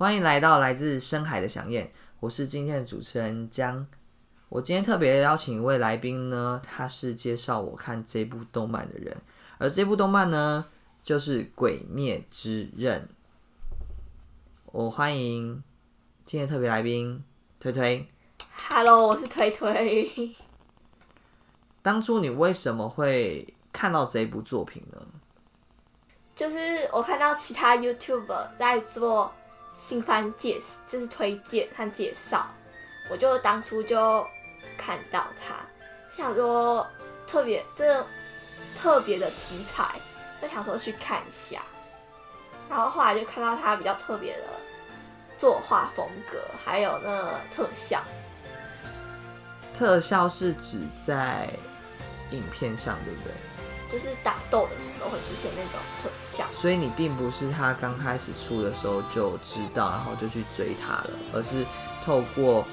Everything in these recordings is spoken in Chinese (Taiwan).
歡迎來到來自深海的響宴，我是今天的主持人江。我今天特別邀請一位來賓呢，他是介紹我看這部動漫的人，而這部動漫呢就是《鬼滅之刃》。我歡迎今天的特別來賓推推。Hello，我是推推。 當初你為什麼會看到這部作品呢？就是我看到其他 YouTuber 在做。新番介紹就是推薦和介紹，我就當初就看到他，就想說特別這特別的題材，就想說去看一下。然後後來就看到他比較特別的作畫風格，還有那特效。特效是指在影片上，對不對？就是打鬥的時候會出現那種特效，所以你並不是他剛開始出的時候就知道，然後就去追他了，而是透過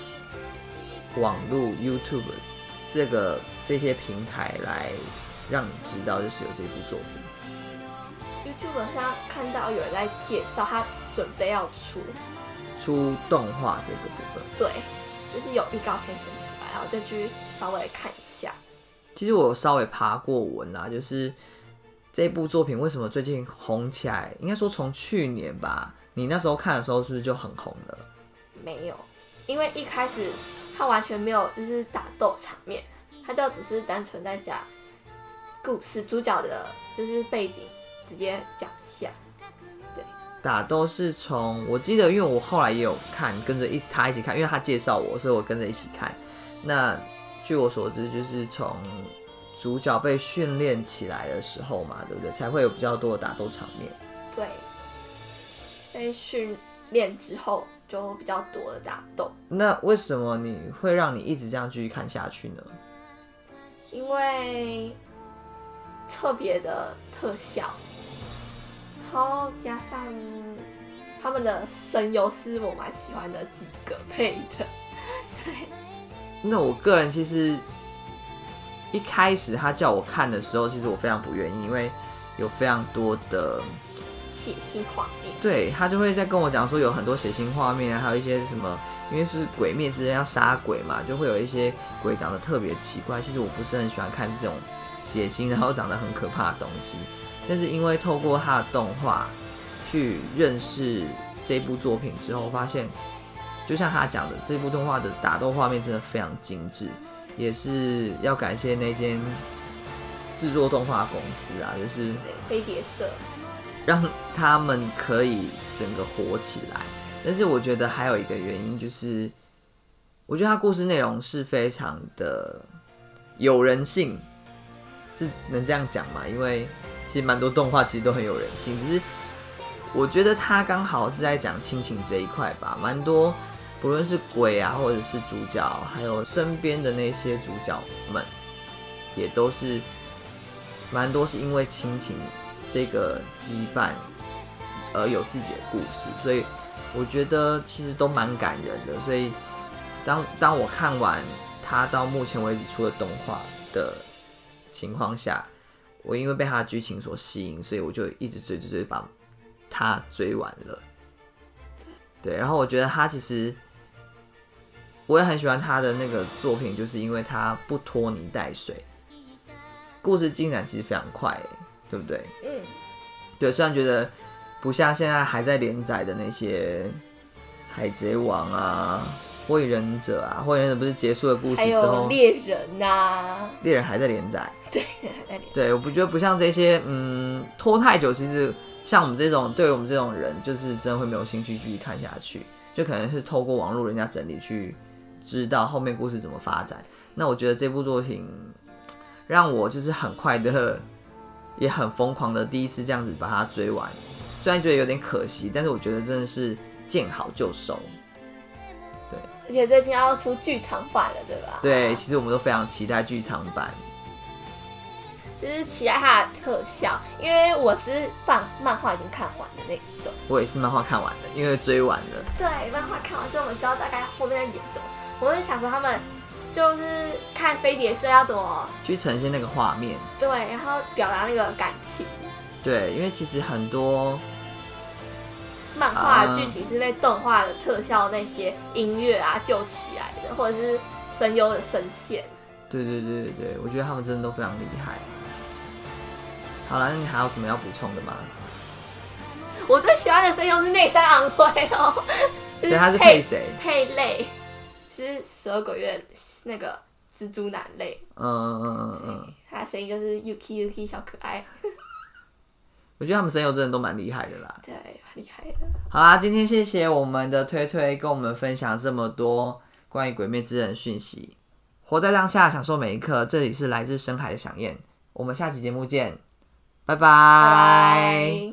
網路 YouTube 這個這些平台來讓你知道，就是有這部作品。YouTube 上看到有人在介紹，他準備要出出動畫這個部分，對，就是有預告片先出來，然後就去稍微看一下。其實我稍微爬過文啦，啊，就是這部作品為什麼最近紅起來？應該說從去年吧，你那時候看的時候是不是就很紅了？沒有，因為一開始他完全沒有就是打鬥場面，他就只是單純在講故事，主角的就是背景，直接講一下。對，打鬥是從我記得，因為我後來也有看，跟着一他一起看，因為他介紹我，所以我跟着一起看。那據我所知，就是從主角被訓練起來的時候嘛，對不對？才會有比較多的打鬥場面。對，被訓練之後就比較多的打鬥。那為什麼你會讓你一直這樣繼續看下去呢？因為特別的特效，然後加上他們的聲優是我蠻喜歡的幾個配的。那我個人其實一開始他叫我看的時候，其實我非常不願意，因為有非常多的血腥畫面。對，他就會在跟我講說，有很多血腥畫面，還有一些什麼，因為是鬼滅之刃要殺鬼嘛，就會有一些鬼長得特別奇怪。其實我不是很喜歡看這種血腥，然後長得很可怕的東西。但是因為透過他的動畫去認識這部作品之後，發現。就像他講的，這部動畫的打鬥畫面真的非常精緻，也是要感謝那間制作動畫公司啊，就是飛碟社，讓他們可以整個火起來。但是我覺得還有一個原因就是，我覺得他故事內容是非常的有人性，是能這樣講嗎？因為其實蠻多動畫其實都很有人性，只是我覺得他剛好是在講親情這一塊吧，蠻多。不論是鬼啊，或者是主角，還有身邊的那些主角們，也都是蠻多，是因為親情這個羈絆而有自己的故事，所以我覺得其實都蠻感人的。所以當當我看完他到目前為止出的動畫的情況下，我因為被他的劇情所吸引，所以我就一直追追追，把他追完了。對，然後我覺得他其實。我也很喜歡他的那個作品，就是因為他不拖泥帶水，故事進展其實非常快，對不對？嗯，對。雖然覺得不像現在還在連載的那些《海賊王》啊，火人啊《火影忍者》啊，《火影忍者》不是結束的故事之後，還有、啊《獵人》吶，《獵人》還在連載。對，還在連載。對，我不覺得不像這些，嗯，拖太久。其實像我們這種，對於我們這種人，就是真的會沒有興趣繼續看下去，就可能是透過網絡人家整理去。知道後面故事怎麼發展，那我覺得這部作品讓我就是很快的，也很瘋狂的第一次這樣子把它追完，雖然覺得有點可惜，但是我覺得真的是見好就收。對，而且最近要出劇場版了，對吧？對，其實我們都非常期待劇場版，哦、就是期待它的特效，因為我是放漫畫已經看完的那一種，我也是漫畫看完了，因為追完了，對，漫畫看完之後我們知道大概後面的演怎麼。我是想說，他們就是看飛碟社要怎麼去呈現那個畫面，對，然後表達那個感情，對，因為其實很多漫畫劇情是被動畫的特效、那些音樂啊，啊救起來的，或者是聲優的聲線，對對對對，我覺得他們真的都非常厲害。好了，那你還有什麼要補充的嗎？我最喜歡的聲優是內山昂輝哦， 就是配所以他是配誰？配累。其實十二鬼月那個蜘蛛男累，嗯嗯嗯，嗯，嗯他的聲音就是 u k u k 小可愛。 我覺得他們聲優真的都蠻厲害的啦，對，蠻厲害的。好啦，今天謝謝我們的推推跟我們分享這麼多關於鬼滅之刃訊息。活在當下，享受每一刻。這裡是來自深海的想念，我們下期節目見，拜拜。